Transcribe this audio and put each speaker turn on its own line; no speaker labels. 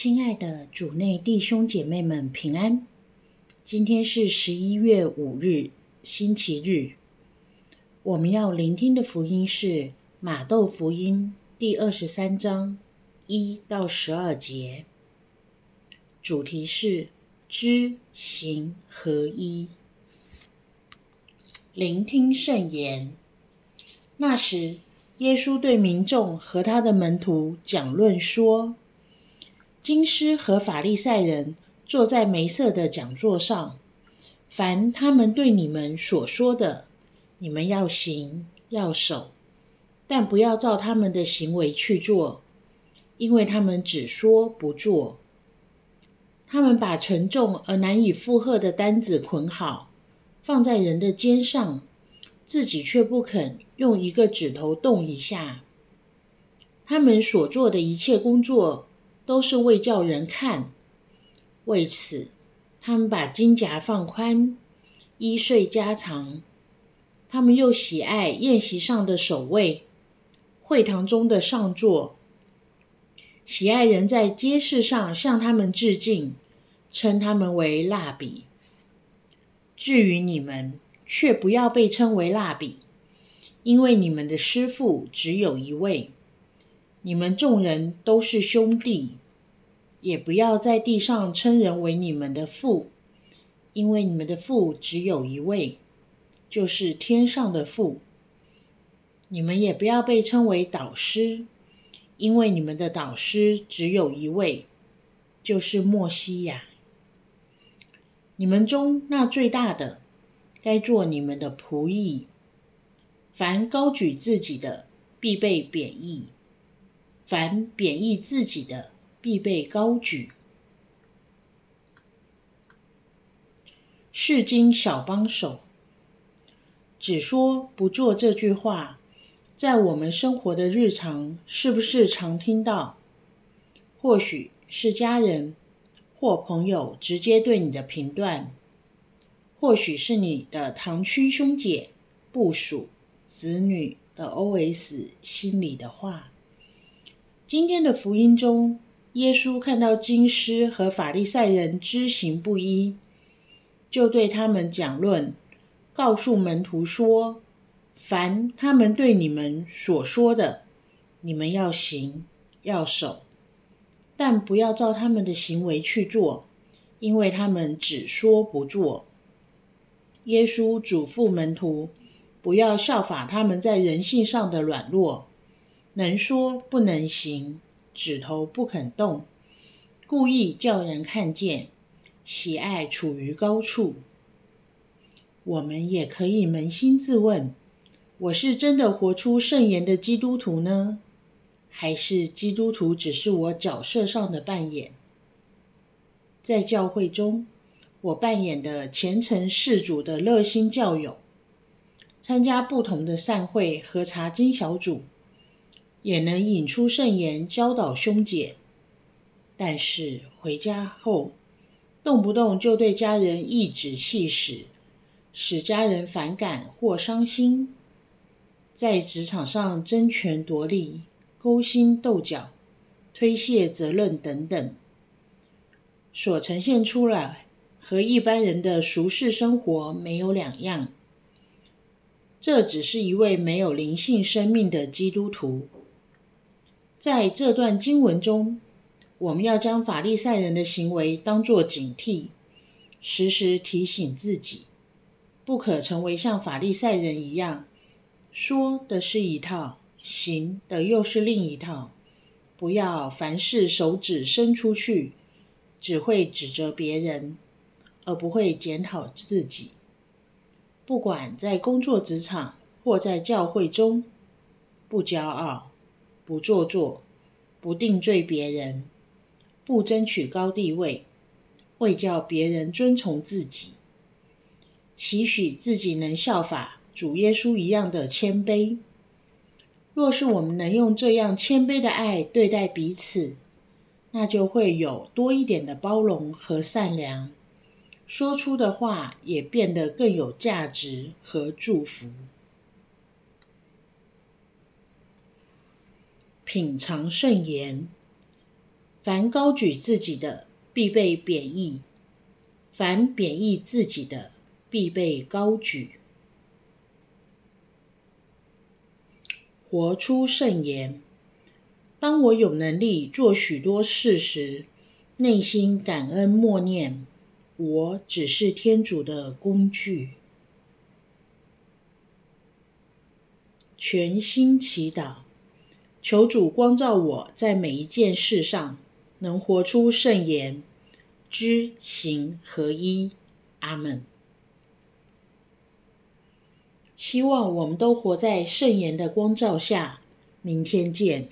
親愛的主內弟兄姐妹們，平安！今天是十一月五日，星期日。我們要聆聽的福音是馬竇福音第二十三章一到十二節，主題是知行合一。聆聽聖言。那時，耶穌對民眾和他的門徒講論說。經師和法利塞人坐在梅瑟的講座上，凡他們對你們所說的，你們要行要守，但不要照他們的行為去做，因為他們只說不做。他們把沉重而難以負荷的擔子捆好，放在人的肩上，自己卻不肯用一個指頭動一下。他們所做的一切工作，都是為叫人看，為此，他們把經匣放寬，衣繸加長。他們又喜愛宴席上的首位，會堂中的上座，喜愛人在街市上向他們致敬，稱他們為辣彼。至於你們，卻不要被稱為辣彼，因為你們的師傅只有一位。你們眾人都是兄弟，也不要在地上稱人為你們的父，因為你們的父只有一位，就是天上的父。你們也不要被稱為導師，因為你們的導師只有一位，就是默西亞。你們中那最大的，該做你們的僕役。凡高舉自己的，必被貶抑。凡貶抑自己的，必被高舉。釋經小幫手，只說不做這句話，在我們生活的日常，是不是常聽到？或許是家人或朋友直接對你的評斷，或許是你的堂區兄姐、部屬、子女的 OS 心裡的話。今天的福音中，耶穌看到經師和法利賽人知行不一，就對他們講論，告訴門徒說：“凡他們對你們所說的，你們要行要守，但不要照他們的行為去做，因為他們只說不做。”耶穌囑咐門徒，不要效法他們在人性上的軟弱。能說不能行，指頭不肯動，故意叫人看見，喜愛處於高處。我們也可以捫心自問：我是真的活出聖言的基督徒呢？還是基督徒只是我角色上的扮演？在教會中，我扮演的虔誠事主的熱心教友，參加不同的善會和查經小組。也能引出聖言，教導兄姐。但是回家後，動不動就對家人頤指氣使，使家人反感或傷心；在職場上爭權奪利、勾心鬥角、推卸責任等等，所呈現出來和一般人的俗世生活沒有兩樣。這只是一位沒有靈性生命的基督徒。在這段經文中，我們要將法利賽人的行為當作警惕，時時提醒自己，不可成為像法利賽人一樣，說的是一套，行的又是另一套。不要凡事手指伸出去，只會指責別人，而不會檢討自己。不管在工作職場或在教會中，不驕傲。不做作，不定罪別人，不爭取高地位，會叫別人尊崇自己，期許自己能效法主耶穌一樣的謙卑。若是我們能用這樣謙卑的愛對待彼此，那就會有多一點的包容和善良，說出的話也變得更有價值和祝福。品嚐聖言，凡高舉自己的，必被貶抑；凡貶抑自己的，必被高舉。活出聖言。當我有能力做許多事時，內心感恩默念：我只是天主的工具。全心祈禱。求主光照我，在每一件事上能活出聖言，知行合一。阿門。希望我們都活在聖言的光照下，明天見。